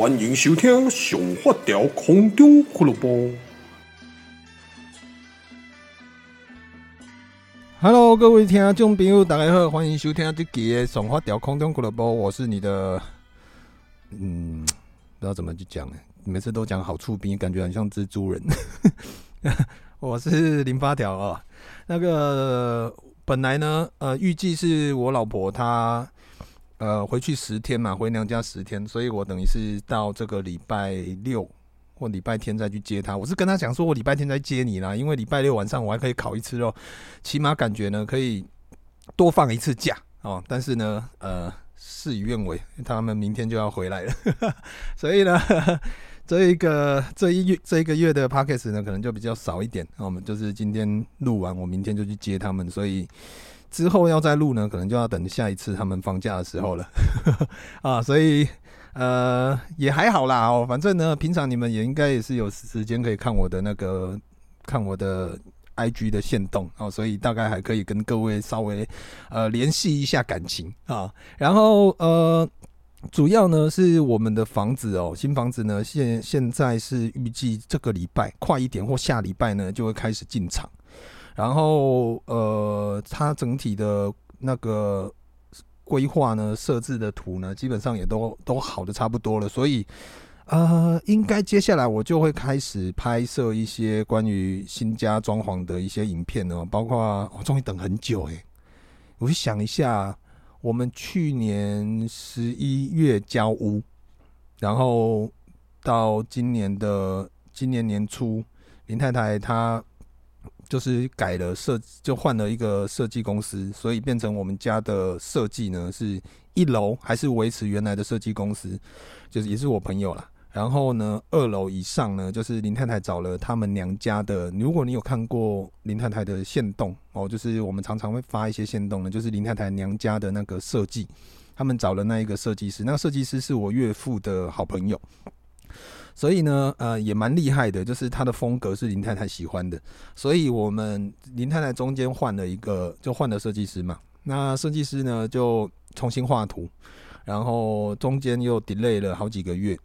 歡迎收聽《上發條空中俱樂部》。Hello，各位聽眾朋友，大家好，歡迎收聽這個《上發條空中俱樂部》。我是你的，嗯，不知道怎麼去講，每次都講好粗鄙，感覺很像蜘蛛人。 我是零發條啊。那個本來呢，呃，預計是我老婆她。呃，回去十天嘛，回娘家十天，所以我等於是到這個禮拜六或禮拜天再去接他。我是跟他講說，我禮拜天再接你啦，因為禮拜六晚上我還可以烤一次肉，起碼感覺呢可以多放一次假哦。但是呢，呃，事與願違，他們明天就要回來了， 所以呢，呵呵這一個這一月這一個月的 podcast 呢，可能就比較少一點。我、嗯、們就是今天錄完，我明天就去接他們，所以。之後要再錄呢，可能就要等下一次他們放假的時候了， 啊，所以呃也還好啦哦，反正呢，平常你們也應該也是有時間可以看我的那個看我的 IG 的限動哦，所以大概還可以跟各位稍微呃聯繫一下感情啊，然後呃主要呢是我們的房子哦，新房子呢現現在是預計這個禮拜快一點或下禮拜呢就會開始進場。然後，呃，它整體的那個規劃呢，設置的圖呢，基本上也都都好的差不多了。所以，呃，應該接下來我就會開始拍攝一些關於新家裝潢的一些影片哦，包括我、哦、終於等很久誒、欸，我去想一下，我們去年十一月交屋，然後到今年的今年年初，林太太她。就是改了設，就換了一個設計公司，所以變成我們家的設計呢，是一樓還是維持原來的設計公司，就是也是我朋友啦。然後呢，二樓以上呢，就是林太太找了他們娘家的。如果你有看過林太太的限動哦，就是我們常常會發一些限動呢，就是林太太娘家的那個設計，他們找了那一個設計師，那個設計師是我岳父的好朋友。所以呢，呃，也蠻厲害的，就是他的風格是林太太喜歡的，所以我們林太太中間換了一個，就換了設計師嘛。那設計師呢，就重新畫圖，然後中間又 delay 了好幾個月，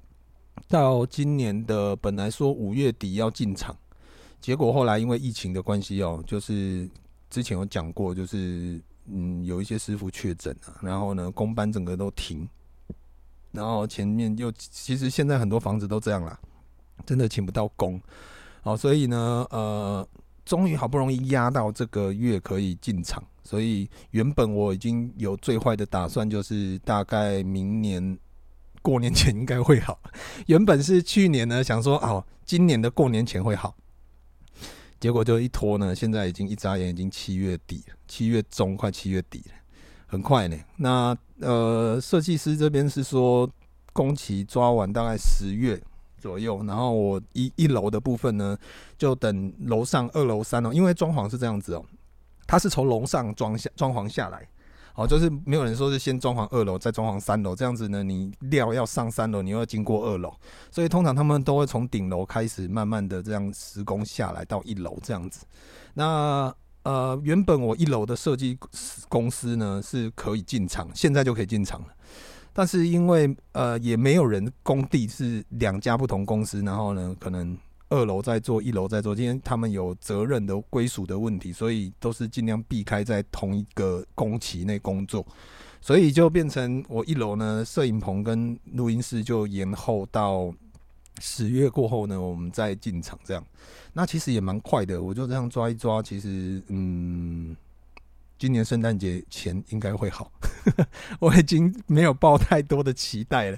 到今年的本來說五月底要進場，結果後來因為疫情的關係哦，就是之前有講過，就是嗯有一些師傅確診了，然後呢，工班整個都停。然後前面又其實現在很多房子都這樣啦，真的請不到工，好，哦，所以呢，呃，終於好不容易壓到這個月可以進場，所以原本我已經有最壞的打算，就是大概明年過年前應該會好。原本是去年呢想說哦，今年的過年前會好，結果就一拖呢，現在已經一眨眼已經七月底，七月中快七月底了。很快呢，那呃，設計師這邊是說，工期抓完大概十月左右，然後我一一樓的部分呢，就等樓上二樓三樓，因為裝潢是這樣子哦，它是從樓上裝下裝潢下來，好，哦，就是沒有人說是先裝潢二樓再裝潢三樓這樣子呢，你料要上三樓，你又要經過二樓，所以通常他們都會從頂樓開始慢慢的這樣施工下來到一樓這樣子，那。呃，原本我一樓的設計公司呢是可以進場，現在就可以進場了。但是因為呃也沒有人工地是兩家不同公司，然後呢可能二樓在做，一樓在做，今天他們有責任的歸屬的問題，所以都是盡量避開在同一個工期內工作，所以就變成我一樓呢攝影棚跟錄音室就延後到。十月過後呢，我們再進場這樣，那其實也蠻快的。我就這樣抓一抓，其實嗯，今年聖誕節前應該會好。 我已經沒有抱太多的期待了，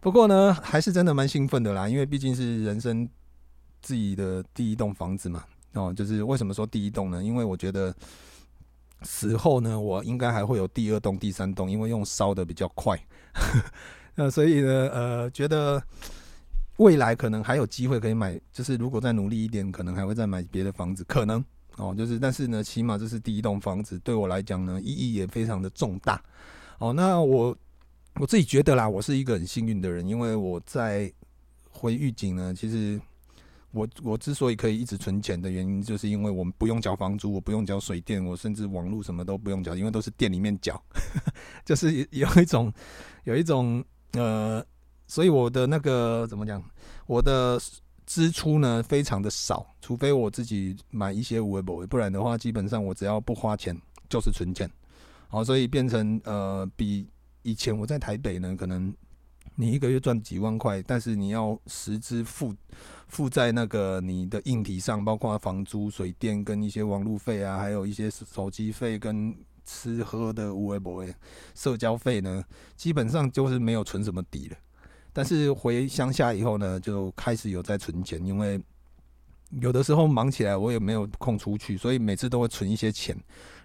不過呢，還是真的蠻興奮的啦，因為畢竟是人生自己的第一棟房子嘛。哦，就是為什麼說第一棟呢？因為我覺得死後呢，我應該還會有第二棟、第三棟，因為用燒的比較快。呃， 那所以呢，呃，覺得。未來可能還有機會可以買，就是如果再努力一點，可能還會再買別的房子，可能哦，就是但是呢，起碼這是第一棟房子，對我來講呢，意義也非常的重大。哦，那我我自己覺得啦，我是一個很幸運的人，因為我在回預警呢，其實我我之所以可以一直存錢的原因，就是因為我們不用交房租，我不用交水電，我甚至網絡什麼都不用交，因為都是店裡面繳，呵呵就是有一種有一種呃。所以我的那個怎麼講？我的支出呢，非常的少，除非我自己買一些有的沒的，不然的話基本上我只要不花錢就是存錢。好，所以變成呃比以前我在台北呢，可能你一個月賺幾萬塊，但是你要實支付付在那個你的硬體上，包括房租、水電跟一些網路費啊，還有一些手機費跟吃喝的有的沒的社交費呢，基本上就是沒有存什麼底了。但是回鄉下以後呢，就開始有在存錢，因為有的時候忙起來，我也沒有空出去，所以每次都會存一些錢，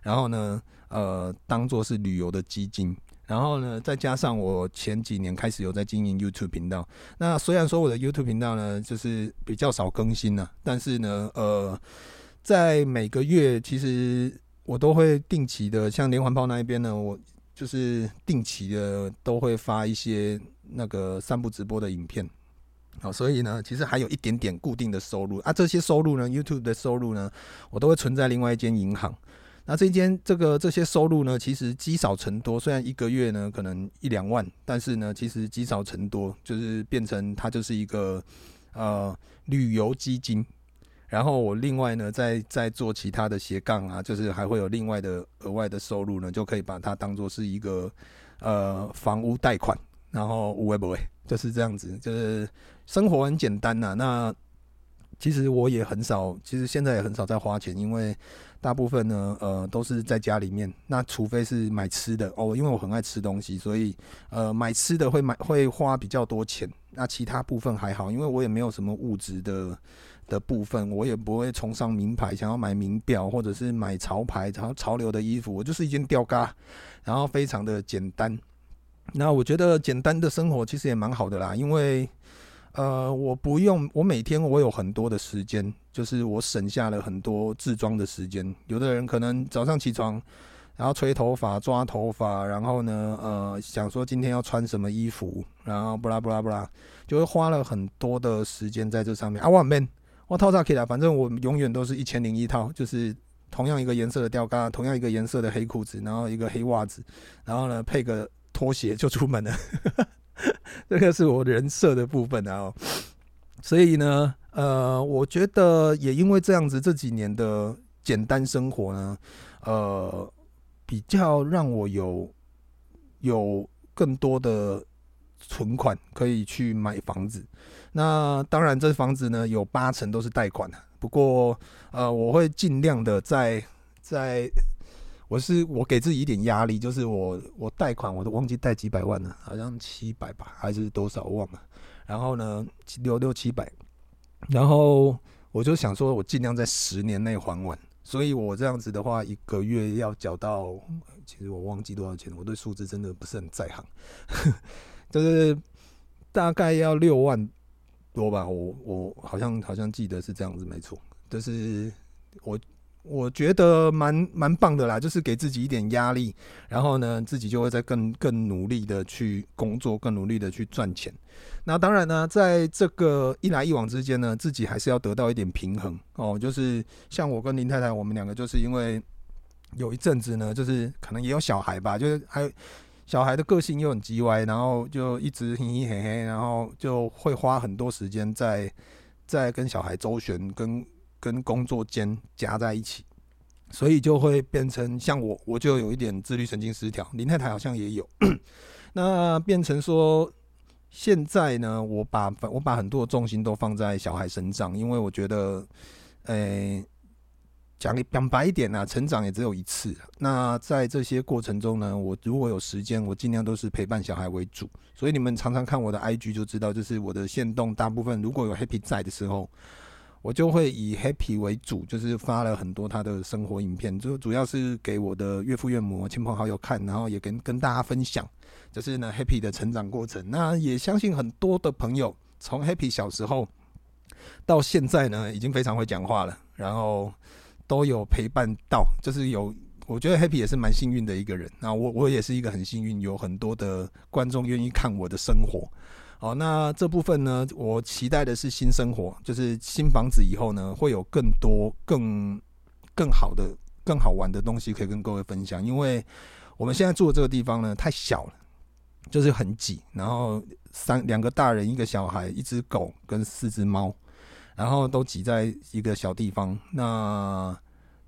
然後呢，呃，當做是旅遊的基金。然後呢，再加上我前幾年開始有在經營 YouTube 頻道，那雖然說我的 YouTube 頻道呢，就是比較少更新了啊，但是呢，呃，在每個月其實我都會定期的，像連環炮那一邊呢，我就是定期的都會發一些。那個散步直播的影片。好，所以呢，其實還有一點點固定的收入啊。這些收入呢，YouTube 的收入呢，我都會存在另外一間銀行。那這間這個這些收入呢，其實積少成多。雖然一個月呢可能一兩萬，但是呢，其實積少成多，就是變成它就是一個呃旅遊基金。然後我另外呢，再再做其他的斜槓啊，就是還會有另外的額外的收入呢，就可以把它當做是一個呃房屋貸款。然後無為不為，就是這樣子，就是生活很簡單吶、啊。那其實我也很少，其實現在也很少在花錢，因為大部分呢，呃，都是在家裡面。那除非是買吃的哦，因為我很愛吃東西，所以呃，買吃的會買會花比較多錢。那其他部分還好，因為我也沒有什麼物質的的部分，我也不會崇尚名牌，想要買名錶或者是買潮牌，然後潮流的衣服，我就是一件吊嘎，然後非常的簡單。那我覺得簡單的生活其實也蠻好的啦，因為，呃，我不用我每天我有很多的時間，就是我省下了很多治裝的時間。有的人可能早上起床，然後吹頭髮、抓頭髮，然後呢，呃，想說今天要穿什麼衣服，然後布拉布拉布拉，就會花了很多的時間在這上面。啊，我 man，我套啥可以啦，反正我永遠都是一千零一套，就是同樣一個顏色的吊嘎，同樣一個顏色的黑褲子，然後一個黑襪子，然後呢配個。拖鞋就出門了， 這個是我人設的部分啊哦。所以呢，呃，我覺得也因為這樣子這幾年的簡單生活呢，呃，比較讓我有有更多的存款可以去買房子。那當然，這房子呢有八成都是貸款。不過，呃，我會盡量的在在。我是我給自己一點壓力，就是我我貸款我都忘記貸幾百萬了，好像七百吧還是多少忘了。然後呢，六六七百，然後我就想說，我儘量在十年內還完。所以我這樣子的話，一個月要繳到，其實我忘記多少錢，我對數字真的不是很在行，就是大概要六萬多吧。我我好像好像記得是這樣子，沒錯，就是我。我覺得蠻蠻棒的啦，就是給自己一點壓力，然後呢，自己就會再更更努力的去工作，更努力的去賺錢。那當然呢，在這個一來一往之間呢，自己還是要得到一點平衡哦。就是像我跟林太太，我們兩個就是因為有一陣子呢，就是可能也有小孩吧，就是還小孩的個性又很雞歪，然後就一直嘿嘿嘿嘿，然後就會花很多時間在在跟小孩周旋跟。跟工作間夾在一起，所以就會變成像我，我就有一點自律神經失調。林太太好像也有， 那變成說，現在呢，我把我把很多的重心都放在小孩身上，因為我覺得，誒、欸，講講白一點啊，成長也只有一次。那在這些過程中呢，我如果有時間，我盡量都是陪伴小孩為主。所以你們常常看我的 IG 就知道，就是我的限動，大部分如果有 Happy 在的時候。我就會以 Happy 為主，就是發了很多他的生活影片，就主要是給我的岳父岳母、親朋好友看，然後也跟跟大家分享，就是呢 Happy 的成長過程。那也相信很多的朋友，從 Happy 小時候到現在呢，已經非常會講話了，然後都有陪伴到，就是有我覺得 Happy 也是蠻幸運的一個人。那我我也是一個很幸運，有很多的觀眾願意看我的生活。哦，那這部分呢，我期待的是新生活，就是新房子以後呢，會有更多更、更更好的、更好玩的東西可以跟各位分享。因為我們現在住的這個地方呢，太小了，就是很擠。然後三兩個大人、一個小孩、一隻狗跟四隻貓，然後都擠在一個小地方。那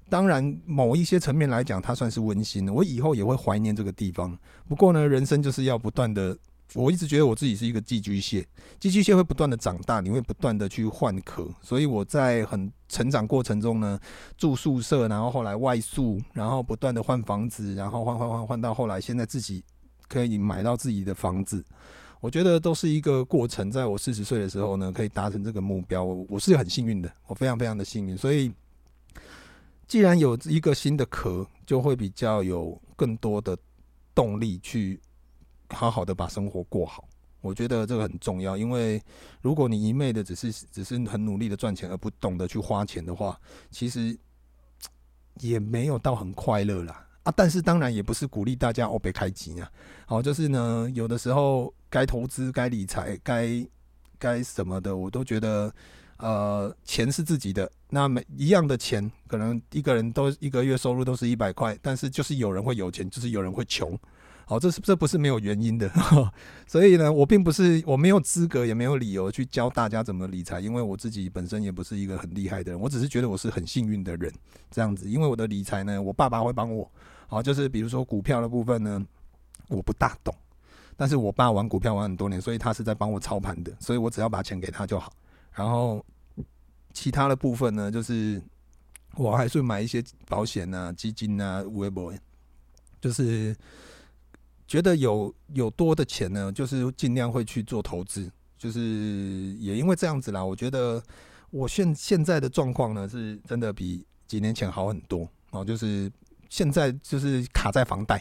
當然，某一些層面來講，它算是溫馨的。我以後也會懷念這個地方。不過呢，人生就是要不斷的。我一直覺得我自己是一個寄居蟹，寄居蟹會不斷的長大，你會不斷的去換殼，所以我在很成長過程中呢，住宿舍，然後後來外宿，然後不斷的換房子，然後換換換換，換到後來，現在自己可以買到自己的房子，我覺得都是一個過程。在我四十歲的時候呢，可以達成這個目標，我我是很幸運的，我非常非常的幸運。所以，既然有一個新的殼，就會比較有更多的動力去。好好的把生活過好，我覺得這個很重要，因為如果你一昧的只是只是很努力的賺錢，而不懂得去花錢的話，其實也沒有到很快樂啦。啊，但是當然也不是鼓勵大家哦，over 開機啊。好，就是呢，有的時候該投資、該理財、該該什麼的，我都覺得，呃，錢是自己的。那每一樣的錢，可能一個人都一個月收入都是一百塊，但是就是有人會有錢，就是有人會窮。好、哦，這是這不是沒有原因的，呵呵，所以呢，我並不是我沒有資格也沒有理由去教大家怎麼理財，因為我自己本身也不是一個很厲害的人，我只是覺得我是很幸運的人這樣子，因為我的理財呢，我爸爸會幫我。好、哦，就是比如說股票的部分呢，我不大懂，但是我爸玩股票玩很多年，所以他是在幫我操盤的，所以我只要把錢給他就好。然後其他的部分呢，就是我還是買一些保險啊、基金啊、Weibo，就是。覺得有有多的錢呢，就是盡量會去做投資，就是也因為這樣子啦。我覺得我現現在的狀況呢，是真的比幾年前好很多哦。就是現在就是卡在房貸，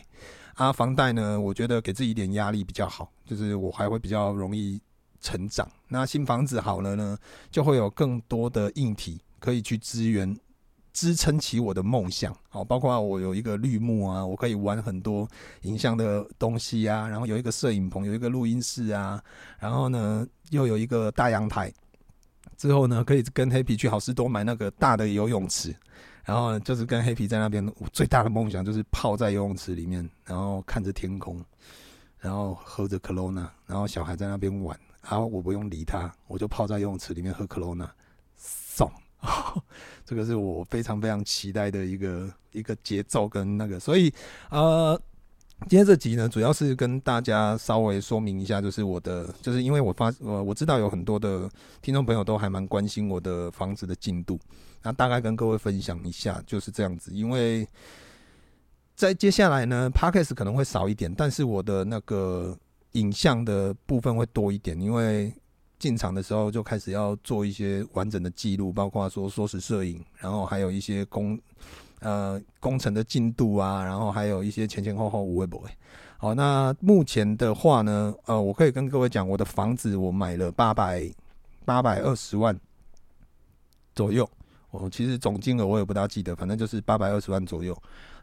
啊，房貸呢，我覺得給自己一點壓力比較好，就是我還會比較容易成長。那新房子好了呢，就會有更多的硬體可以去支援，支撐起我的夢想，哦，包括我有一個綠幕啊，我可以玩很多影像的東西啊，然後有一個攝影棚，有一個錄音室啊，然後呢又有一個大陽台，之後呢可以跟黑皮去好市多買那個大的游泳池，然後就是跟黑皮在那邊，我最大的夢想就是泡在游泳池裡面，然後看着天空，然後喝着可樂娜，然後小孩在那邊玩，然、啊、後我不用理他，我就泡在游泳池裡面喝可樂娜，爽。 這個是我非常非常期待的一個一個節奏跟那個，所以呃，今天這集呢，主要是跟大家稍微說明一下，就是我的，就是因為我發我、呃、我知道有很多的聽眾朋友都還蠻關心我的房子的進度，那大概跟各位分享一下就是這樣子。因為在接下來呢 Podcast 可能會少一點，但是我的那個影像的部分會多一點，因為。進場的時候就開始要做一些完整的記錄，包括說縮時攝影，然後還有一些工呃工程的進度啊，然後還有一些前前後後無謂不謂。好，那目前的話呢，呃，我可以跟各位講，我的房子我買了八百八百二十萬左右，我其實總金額我也不大記得，反正就是八百二十萬左右。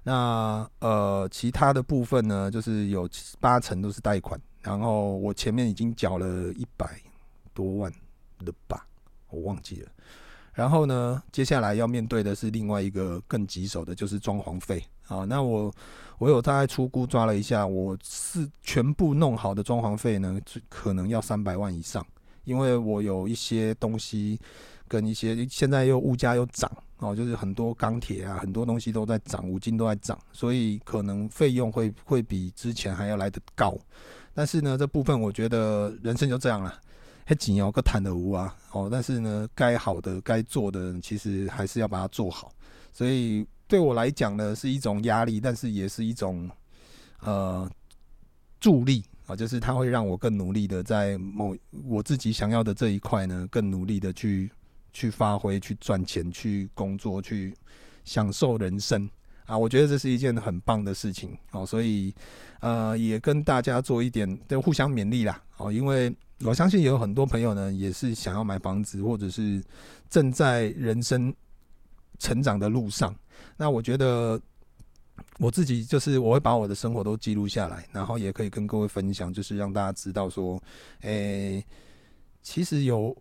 那呃，其他的部分呢，就是有八成都是貸款，然後我前面已經繳了一百。多萬了吧，我忘記了。然後呢，接下來要面對的是另外一個更棘手的，就是裝潢費啊。那我我有大概粗估抓了一下，我是全部弄好的裝潢費呢，可能要三百萬以上，因為我有一些東西跟一些現在又物價又漲哦，啊，就是很多鋼鐵啊，很多東西都在漲，五金都在漲，所以可能費用會會比之前還要來得高。但是呢，這部分我覺得人生就這樣了。太緊哦，個談的無啊哦，但是呢，該好的、該做的，其實還是要把它做好。所以對我來講呢，是一種壓力，但是也是一種呃助力啊，哦，就是它會讓我更努力的，在某我自己想要的這一塊呢，更努力的去去發揮、去賺錢、去工作、去享受人生啊。我覺得這是一件很棒的事情哦，所以呃，也跟大家做一點的互相勉勵啦哦，因為。我相信有很多朋友呢，也是想要買房子，或者是正在人生成長的路上。那我覺得我自己就是我會把我的生活都記錄下來，然後也可以跟各位分享，就是讓大家知道說，誒，其實有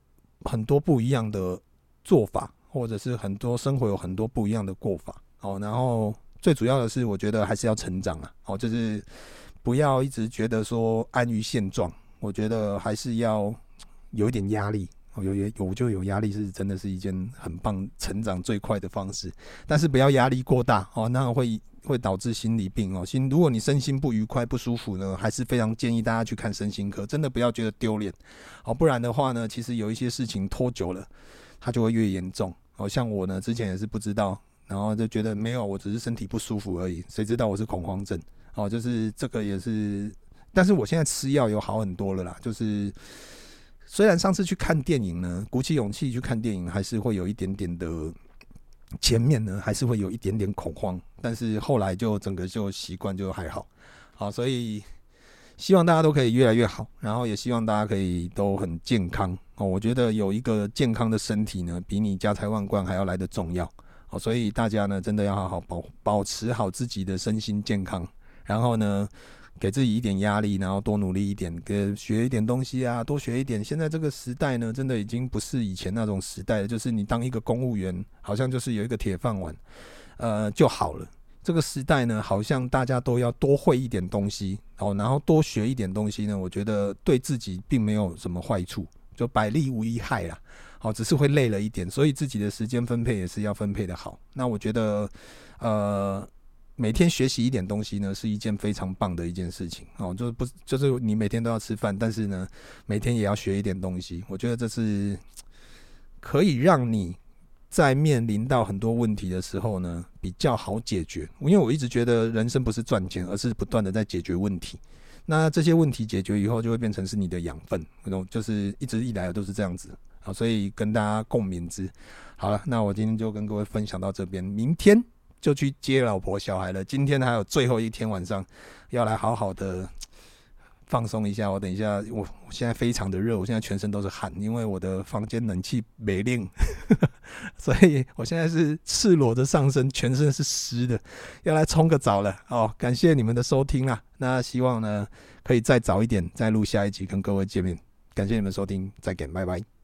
很多不一樣的做法，或者是很多生活有很多不一樣的過法。哦，然後最主要的是，我覺得還是要成長啊。哦，就是不要一直覺得說安於現狀。我覺得還是要有一點壓力，哦，有壓，我就有壓力，是真的是一件很棒、成長最快的方式。但是不要壓力過大哦，那會會導致心理病哦。心，如果你身心不愉快、不舒服呢，還是非常建議大家去看身心科，真的不要覺得丟臉哦，不然的話呢，其實有一些事情拖久了，它就會越嚴重。哦，像我呢，之前也是不知道，然後就覺得沒有，我只是身體不舒服而已，誰知道我是恐慌症？哦，就是這個也是。但是我現在吃藥有好很多了啦，就是雖然上次去看電影呢，鼓起勇氣去看電影，還是會有一點點的，前面呢還是會有一點點恐慌，但是後來就整個就習慣就還好，好，所以希望大家都可以越來越好，然後也希望大家可以都很健康哦。我覺得有一個健康的身體呢，比你家財萬貫還要來得重要。好，所以大家呢真的要好好保保持好自己的身心健康，然後呢，給自己一點壓力，然後多努力一點，跟學一點東西啊，多學一點。現在這個時代呢，真的已經不是以前那種時代了。就是你當一個公務員，好像就是有一個鐵飯碗，呃，就好了。這個時代呢，好像大家都要多會一點東西哦，然後多學一點東西呢，我覺得對自己並沒有什麼壞處，就百利無一害啦。好、哦，只是會累了一點，所以自己的時間分配也是要分配的好。那我覺得，呃。每天學習一點東西呢，是一件非常棒的一件事情哦。就是不，就是你每天都要吃飯，但是呢，每天也要學一點東西。我覺得這是可以讓你在面臨到很多問題的時候呢，比較好解決。因為我一直覺得人生不是賺錢，而是不斷的在解決問題。那這些問題解決以後，就會變成是你的養分。那種就是一直以來都是這樣子好，哦，所以跟大家共勉之好了，那我今天就跟各位分享到這邊，明天就去接老婆小孩了。今天還有最後一天晚上，要來好好的放鬆一下。我等一下，我我現在非常的熱，我現在全身都是汗，因為我的房間冷氣沒冷，所以我現在是赤裸的上身，全身是濕的，要來沖個澡了。哦，感謝你們的收聽啊！那希望呢可以再早一點再錄下一集跟各位見面。感謝你們收聽，再見，拜拜。